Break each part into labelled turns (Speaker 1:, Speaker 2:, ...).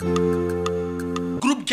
Speaker 1: Thank you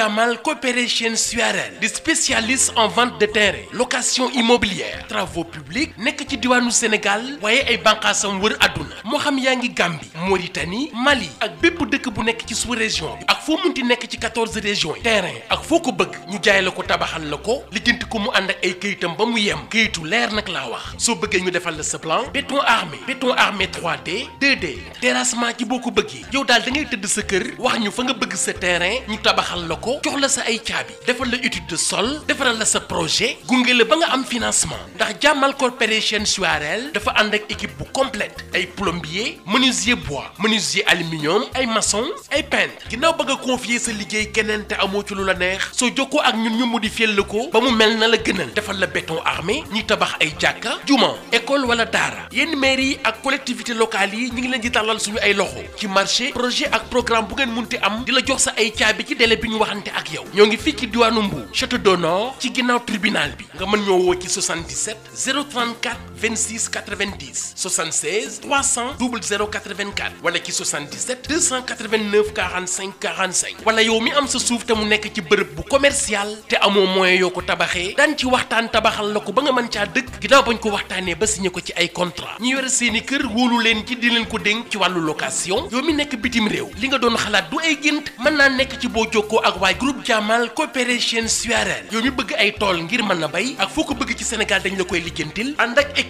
Speaker 1: Amal Cooperation Suarel Des spécialistes en vente de terrain location immobilière travaux publics nek ci diwanu Sénégal waaye ay bànqaasam wër aduna. moo xam yaa Gambie Mauritanie Mali ak bép dëkk bu nek ci sous-région ak fo munti nek ci 14 régions terrain ak fo ko bëgg ñu jaay la ko tabaxal la ko lijjanti ko mu and ak ay kayitam ba mu yem Kayitu lèr nak la wax So bëggee ñu défal la ce plan béton armé béton armé 3D 2D terrassement ci beaucoup bëggé. yow dal da ngay tëdd sa kër wax ñu fa nga bëgg sa terrain ñu tabaxal la ko ko jox la sa ay caabi defal la étude de sol defaral la sa projet gunge la ba nga am financement ndax Jamal corporation Suarel dafa ànd ak équipe bu complète ay plombier menuisier bois menuisier aluminium ay maçon ay peintre ginnaaw bëgg a confier sa liggéey keneen te amoo ci lu la neex so jokkoo ak ñun ñu modifier la ko ba mu mel na la gënal defal la béton armé ñi tabax ay jaka juma école wala dara yenn mairie yi ak collectivité locale yi ñi ngi leen di talal suñu ay loxo ci marché projet ak programme bu ngeen munti am di la jox sa ay caabi ci délai bi ñu wax ante ak yow ñoo ngi fii ci diwaanu Mbour château d'honneur ci ginnaaw tribunal bi nga mën ñoo woo ci 77 034 26 90 76 300 00 84 wala ci 77 289 45 45 wala yow mi am sa suuf te mu nekk ci bërëb bu commercial te amoo moyen yoo ko tabaxee daan ci waxtaan tabaxal la ko ba nga mën caa dëkk ginnaaw bañ ko waxtaanee ba signé ko ci ay contrat ñu yore seeni kër wóolu leen ci di leen ko dénk ci wàllu location yow mi nekk bitim réew li nga doon xalaat du ay gént mën naa nekk ci boo jokkoo ak waa groupe Jamal coopération suarel yow mi bëgg ay tool ngir mën na bay ak foo ko bëgg ci Sénégal dañ la koy lijjantil ànd ak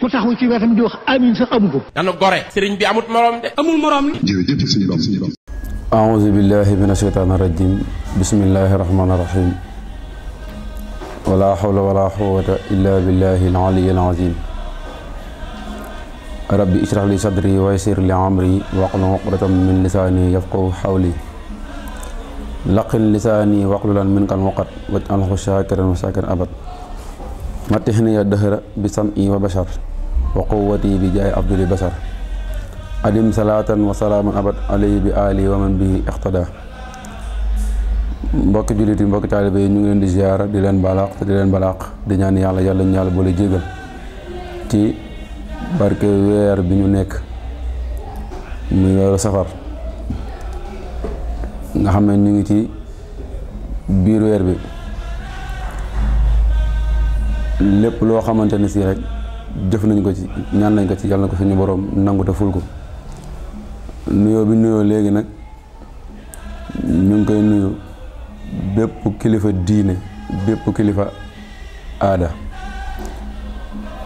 Speaker 1: ku taxaw ci wetam di wax amin sax dana gore sëriñ bi amut morom de amul morom
Speaker 2: أعوذ بالله من الشيطان الرجيم بسم الله الرحمن الرحيم ولا حول ولا قوة إلا بالله العلي العظيم ربي اشرح لي صدري ويسر لي عمري واقل عقدة من لساني يفقه حولي لقن لساني واقل من كان وقت واجعله شاكرا وشاكرا أبد متحني الدهر بسمعي وبشر wa quwwati di jaay abduli basar adim salaatan wa salaaman abad alay bi ali wa bi ixtada mbokki jullit yi mbokki taalibe yi ñu ngi leen di ziyaara di leen balaaq te di leen balaaq di ñaan yàlla yàlla ñu yàlla boole jégal ci barke weer bi ñu nekk muy weeru safar nga xam ne ñu ngi ci biir weer bi lépp loo xamante ni si rek jëf nañ ko ci ñaan nañ ko ci yàlla ko suñu borom nangu te ful ko nuyoo bi nuyoo léegi nag ñu ngi koy nuyu bépp kilifa diine bépp kilifa aada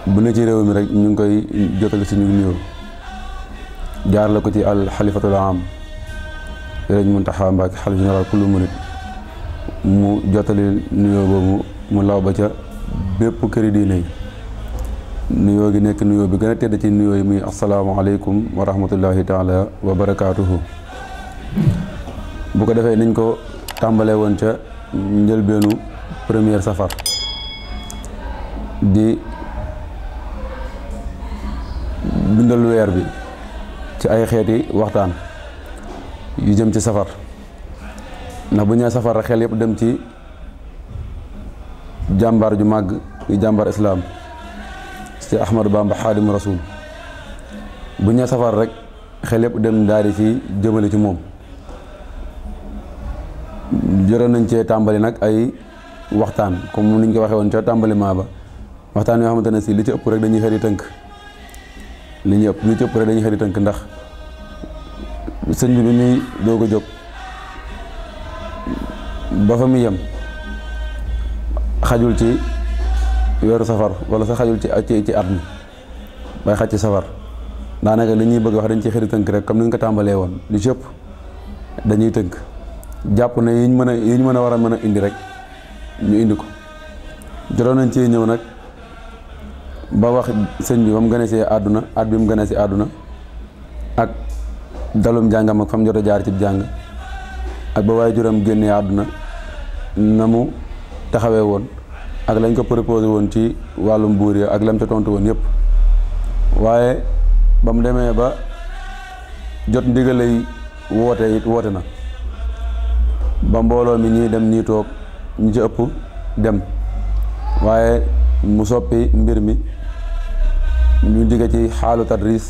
Speaker 2: bu ne ci réew mi rek ñu ngi koy jottali suñu nuyoo jaar la ko ci al xalifatul am sëriñ Muntaxa Mbàkke xalif général kullu mu jottali nuyoo boobu mu law ba ca bépp këri diine yi nuyoo gi nekk nuyoo bi gën a tedd ci nuyoo yi muy asalaamaaleykum wa rahmatullahi taala wa barakaatuhu bu ko defee niñ ko tàmbalee woon ca njëlbeenu première safar di dundal weer bi ci ay xeeti waxtaan yu jëm ci safar ndax bu ñaa safar xel yëpp dem ci jàmbar ju màgg yu jàmbaar islaam si Ahmadu Bamba Xaadimu Rasuul bu ñu safar rek xel yëpp dem daal di ci jëmale ci moom joroon nañ cee tàmbali nag ay waxtaan comme ni ñu ko waxee woon ca tàmbali maa ba waxtaan yoo xamante ne sii li ci ëpp rek dañuy xëri tënk li ñu ëpp li ci ëpp rek dañuy xëri tënk ndax sëñ bi bi muy doog a jóg ba fa mu yem xajul ci weeru safar wala sa xajul ci ci ci at bay xati safar daanaka li ñuy bëgg wax dañ ci xëri tënk rek comme ni ñu ko tàmbalee woon lu ci dañuy tënk japp na yiñ mëna a yiñ mën a war indi rek ñu indi ko jotoon nañ ci ñëw nak ba wax sëñ bi bam ci aduna at bi mu gënee ci aduna ak dalum jangam ak fam jot jaar ci jang ak ba way juram aduna namu taxawé won ak lañ ko proposé won ci walum bour ya ak lam ci tontu won yépp waaye ba démé ba jot ndigalay woté it woté na ba mbolo mi ñi dem ñi tok ñi ci ëpp dem waaye mu soppi mbir mi ñu jóge ci halu tadris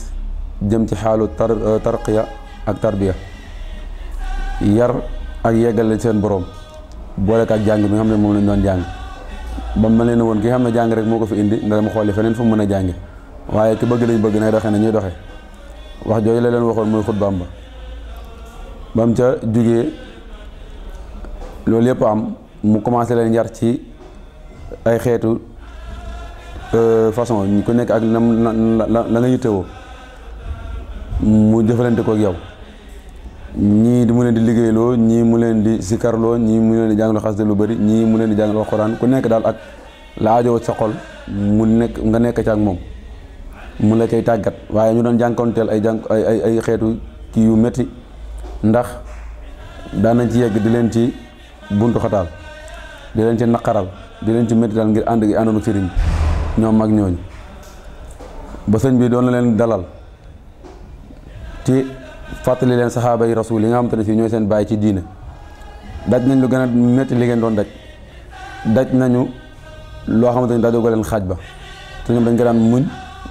Speaker 2: jëm ci halu tar euh, tarqiya ak tarbiya yar ak yeggale seen borom bolé ak jang mi nga xam lañ doon jang ba ma leen woon kii xam ne jàng rek moo ko fi indi ndax mu xooli feneen fu mu mën a jànge waaye ki bëgg lañ bëgg nay doxee na ñuy doxee wax jooju la leen waxoon muy xutbaam ba ba mu ca jugee loolu yëpp am mu commencé leen yar ci ay xeetu euh, façon ku nekk ak na la la la nga yittewoo mu jëfalante kook yow ñii mu leen di liggéeyloo ñii mu leen di sikarloo ñii mu leen di jàngal xasida lu bari ñii mu leen di jàngal alxuraan ku nekk daal ak la mu nekk nga nekk ci ak moom mu la koy tàggat waaye ñu doon jànkoonteel ay jànk ay ay ay xeetu kii yu métti ndax daanañ ci yegg di leen ci buntu xataal di leen ci naqaral di leen ci métti daal ngir ànd gi àndoon ak sëriñ ñoom mag ñooñu ba sëñ bi doon na leen dalal ci fàttali leen saxaaba yi rasul yi nga xam te ne si ñooy seen bàyyi ci diine daj nañ lu gën a métti li ngeen doon daj daj nañu loo xam ni dajoo ko leen xaaj ba te ñoom dañ ko daan muñ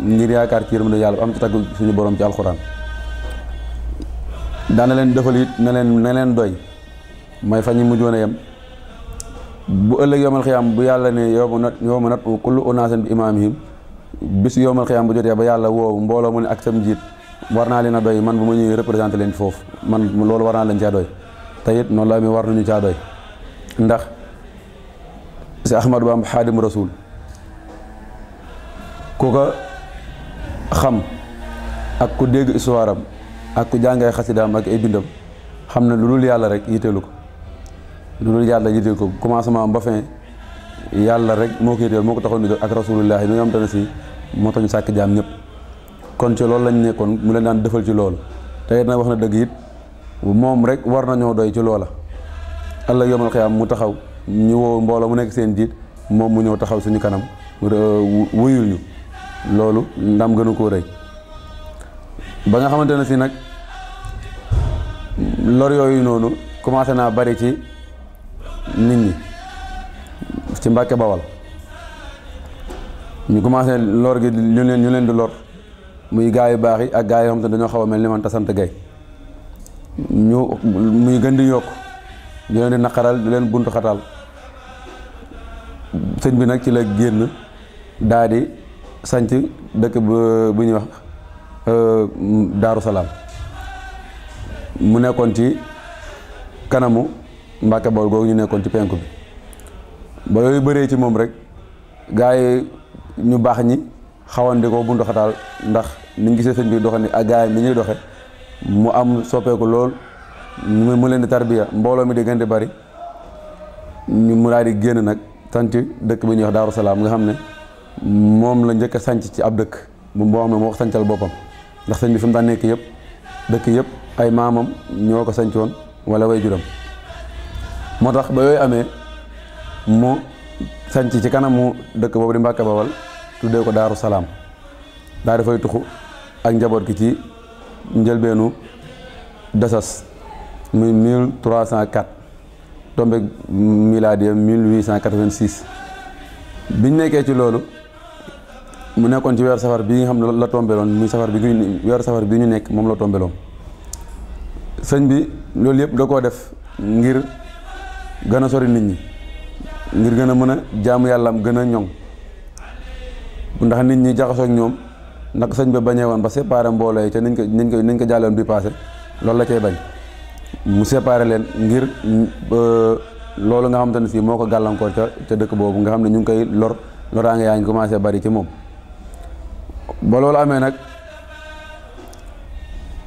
Speaker 2: ngir yaakaar ci yërmande yàlla am ci tagg suñu borom ci alxuraan daana leen defal it ne leen doy may fa ñu mujjoon a yem bu ëllëg yoomal xiyaam bu yàlla ne yow ma nat yow ma nat kullu unaasin bi imaamihim bis yoomal xiyaam bu jotee ba yàlla woowu mbooloo mu ne ak sam njiit war naa leen a doy man bu ma ñëwee représenté leen foofu man loolu war naa leen caa doy te noonu la mi war nañu caa doy ndax si Ahmadou Bamba Xaadim Rasul ku xam ak ku dégg histoire am ak ku jàngay xasidaam ak ay bindam xam ne lu lul yàlla rek yitteelu ko lu dul yàlla yitteelu ko commencement ba fin yàlla rek moo ko yitteel moo ko taxoon ni ak rasulullahi mi nga xam te si moo tax ñu sàkk jaam ñëpp kon ci loolu lañ nekkoon mu leen daan defal ci loolu te it na wax na dëgg it moom rek war na nañoo doy ci loola allah yomal xiyaam mu taxaw ñu woo mbooloo mu nekk seen jiit moom mu ñëw taxaw suñu kanam wuyul ñu loolu ndam gënu koo rëy ba nga xamante ne si nag lor yooyu noonu commencé naa bari ci nit ñi ci Mbàkke Bawal ñu commencé lor gi ñu leen ñu leen di lor muy gaay yu baax yi ak gaay yoo xam te dañoo xaw a mel ni man te gay ñu muy gën di yokk leen di naqaral di leen buntu xatal sëñ bi nag ci la génn daa di sanc dëkk bu ñuy wax euh, daaru salaam mu nekkoon ci kanamu Mbàkke Bawol googu ñu nekkoon ci penku bi ba yooyu bëree ci moom rek gaay yi ñu baax ñi xawan ko ndax ni ngi gisee sëñ bi doxani ak gaay ni ñuy doxé mu am ko lool mu leen di tarbiya mbolo mi di gën di bari ñu mu daal di génn nak tanti dëkk bi ñu wax daru salam nga xamné mom la ñëk a ci ab dëkk bu mbo xamné mo wax ko bopam ndax sëñ bi fu mu da nekk yëpp dëkk yëpp ay mamam ñoko ko wala way juram motax ba yoy amé mo sanc ci kanamu dëkk bobu di Mbàkke Bawal tuddé ko Daaru Salaam da fay tuxu ak njabot gi ci benu dasas 1304 tombe miladia 1886 biñ nekké ci lolu mu nekkon ci weeru safar bi nga xam la la tombeloon muy safar bi weeru safar bi ñu nekk mom la lom señ bi lolu yépp da ko def ngir gëna sori nit ñi ngir gëna mëna mën a jaamu yàllaam gën a ndax nit ñi jaxoso ak ñom Nak sëñ ba bañé won ba séparé mbolé té niñ ko niñ ko niñ ko jallon bi passé loolu la cey bañ mu séparé len ngir loolu nga xamanteni fi moko moo ko gàllankoor ca ca dëkk bobu nga xamné ñu ngi koy lor loranga yañ commencé bari ci mom ba loolu amé nak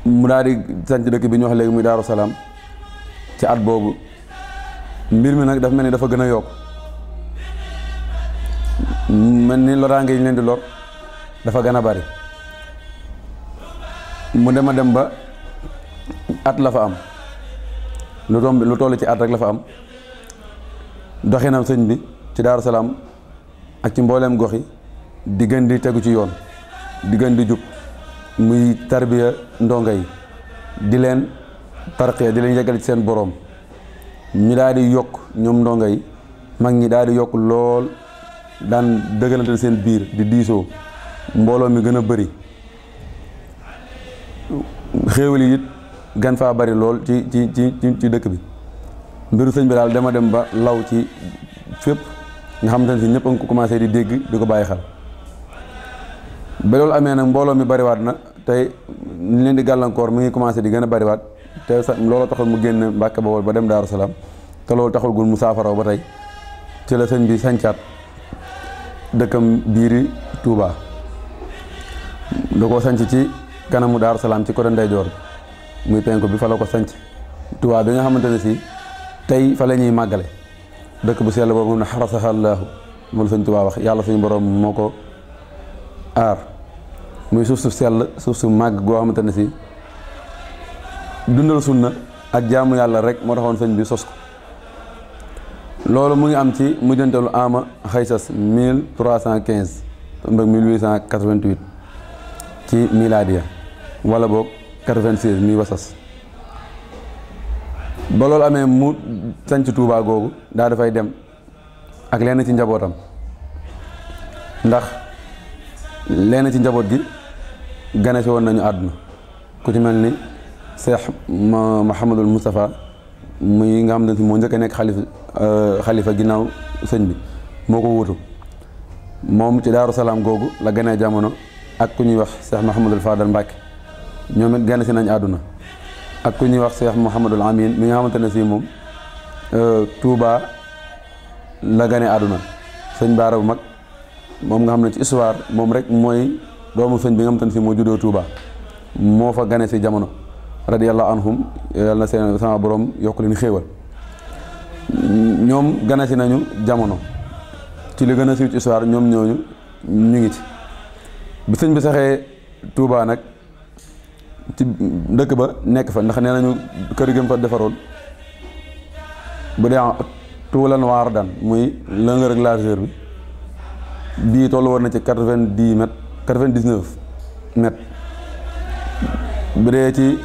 Speaker 2: mu daal di sanc dëkk bi ñu wax légui muy daru salam ci at bobu mbir mi nak daf melni dafa gëna yok man ni loranga yi ñu lor dafa gëna bari mu dem dem ba at la fa am lu tomb lu ci at rek la fa am doxinam señ bi ci daru salam ak ci mbollem goxi digëndi di ci yoon di jup di muy tarbiya ndongay di len tarqiya di len yegal ci sen borom ñu daali di ñom ndongay mag ñi daali di lool dan sen biir di diiso mbolo mi gëna bëri xéewal yi it gan faa bari lool ci ci ci ci dëkk bi mbiru sëñ bi daal dama dem ba law ci fépp nga xam ne si ñëpp a ko commencé di dégg di ko bàyyi xel ba loolu amee nag mbooloo mi bariwaat na tey ñu leen di gàllankoor mu ngi commencé di gën a bariwaat te sa looloo taxul mu génn Mbàkke Bawol ba dem Daaru Salaam te loolu taxul gul mu saafaraw ba tey ci la sëñ bi sancaat dëkkam biiri tuuba da ko sanc ci kanamu daaru salaam ci côté ndeyjoor bi muy penku bi fa la ko sanc Tuubaa bi nga xamante ne si tey fa la ñuy màggale dëkk bu sell boobu moom ne xarasaha moo moom sëñ Tuubaa wax yàlla suñu borom moo ko aar muy suuf su sell suuf su màgg goo xamante ne si dundal sunna ak jaamu yàlla rek moo taxoon sañ bi sos ko loolu mu ngi am ci mujjantalu ama xaysas 1315 mbëg 1888 ci miladiya wala boog 96 muy wasas ba loolu amee mu sanc tuubaa googu daa dafay dem ak lenn ci njabootam ndax lenn ci njaboot gi gane si woon nañu àdduna ku ci mel ni ma Cheikh Mouhamadul Moustapha muy nga xam ne moo njëkk a nekk xalifa euh, xalifa ginnaaw sëñ bi moo ko wutu moom ci Daaru Salaam googu la gane jamono ak ku ñuy wax seex Cheikh Mouhamadul Fadal Mbacke ñoom it genn si nañ àdduna ak ku ñuy wax Cheikh Mouhamadul Amin mi nga xamante ne si moom euh, Touba la gane àdduna sëñ Baara bu mag moom nga xam ne ci histoire moom rek mooy doomu sëñ bi nga xamante ne si moo juddoo Touba moo fa gane si jamono radiyallahu anhum yàlla na seen sama boroom yokk leen xéewal ñoom gane si nañu jamono ci li gën a siiw ci histoire ñoom ñooñu ñu ngi ci bi sëñ bi saxee Touba nag. ci ndëkk ba nekk fa ndax ne nañu kër gi mu fa defaroon bu dee tuulan waar daan muy longueur ak largeur bi bii tollu woon na ci quatre vingt dix mètres quatre vingt dix neuf mètres bu dee ci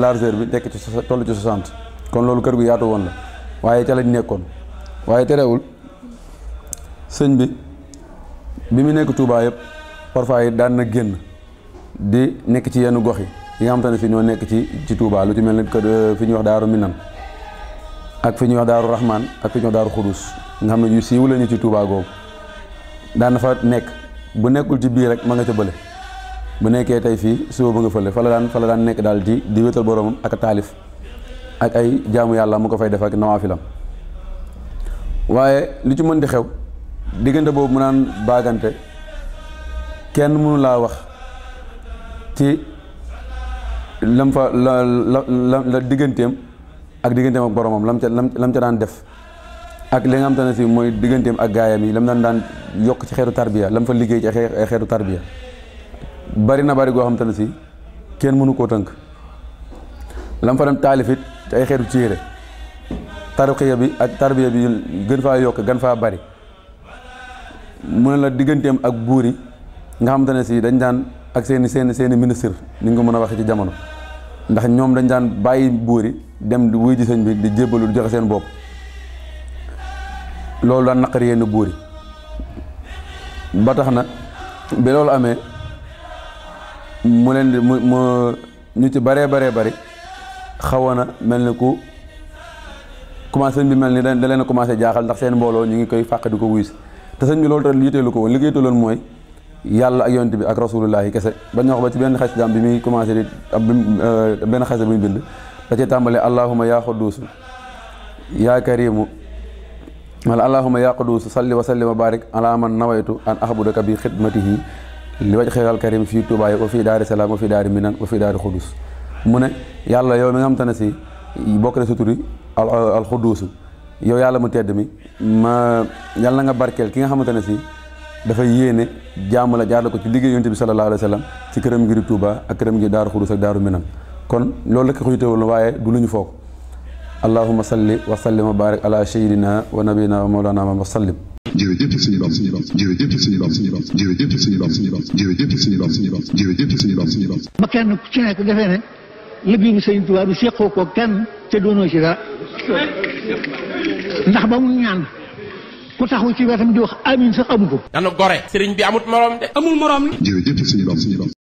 Speaker 2: largeur bi nekk ci toll ci soixante kon loolu kër gu yaatu woon la waaye ca lañ nekkoon waaye terewul sëñ bi bi mu nekk Tuubaa yëpp parfois yi daan na génn. di nekk ci yenn gox yi yi nga xamante ne fii ñoo nekk ci ci Touba lu ci mel ni que euh, fi ñuy wax Daaru Minam ak fi ñuy wax Daaru Rahman ak fi ñuy wax Daaru Xudus nga xam ne yu siiw la ci Touba googu daan na fa nekk bu nekkul ci bii rek ma nga ca bële bu nekkee tey fii suba ba nga fële fa la daan fa la daan nekk daal di di wétal boroomam ak taalif ak ay jaamu yàlla mu ko fay def ak nawaafilam waaye li ci mën di xew diggante boobu mu naan baagante kenn mënu laa wax. ci lam fa la la la digganteem ak digganteem ak boromam lam ca lam ca daan def ak li nga xam te ne si mooy digganteem ak gaayam yi lam daan daan yokk ci xeetu tarbiya lam fa liggéey ci ay xeetu tarbiya bari na bari goo xam te ne si kenn mënu koo tënk lam fa dem taalifit ay xeetu téere tarqiya bi ak tarbiya bi gën faa yokk gën faa bari mu ne la digganteem ak buur nga xam te si dañ daan ak seeni seeni seeni ministre ni nga mëna wax ci jamono ndax ñom dañ daan bayyi buri dem di wuy ji sëñ bi di jébbalu joxe seen bop loolu daan naqar yenn buri ba tax na bi loolu amee mu leen di mu ñu ci bare bare bare xawoon na mel ni ku commencé bi mel ni da leen a commencé jaaxal ndax seen mbooloo ñu ngi koy fàq di ko wuy te sëñ bi loolu tamit yiteelu ko woon li ko mooy yàlla ak yonent bi ak rasulullahi kese ba ñu wax ba ci benn xas bi muy euh, benn xas bu bind da ci tàmbalee allahuma yaa xudduusu yaa karimu wala allahuma yaa xudduusu salli wa sallim wa barik ala man nawaytu an ahbudaka bi xidmatihi li waj xeeral karim fii tubaay wa fii daari salaam wa fii daari minan wa fii daari xudus mu ne yàlla yow mi nga xam te ne si bokk na suturi al xuduusu yow yàlla mu tedd mi ma yàlla nga barkeel ki nga xamante ne si dafa yéene jaamu la ko ci liggéey yonte bi sallallahu alayhi wa sallam ci këram gi di Touba ak këram gi daaru xudus ak daaru minam kon loolu rekk xuy teewul waaye du lu ñu foog allahuma salli wa sallim wa barik ala sayidina wa nabiyina
Speaker 1: wa mawlana ma sallim jërëjëf suñu borom jërëjëf suñu borom jërëjëf suñu borom jërëjëf suñu borom jërëjëf suñu borom suñu borom ba kenn ku ci nekk defee ne liggéey bi sëñ Tuubaa bi séqoo ko kenn te doonoo ci dara ndax ba mu ñaan ku taxaw ci wetam di wax amin sax amu ko. nanu gore. sëriñ bi amut morom de. amul morom. jërëjëf sëñ Bamba.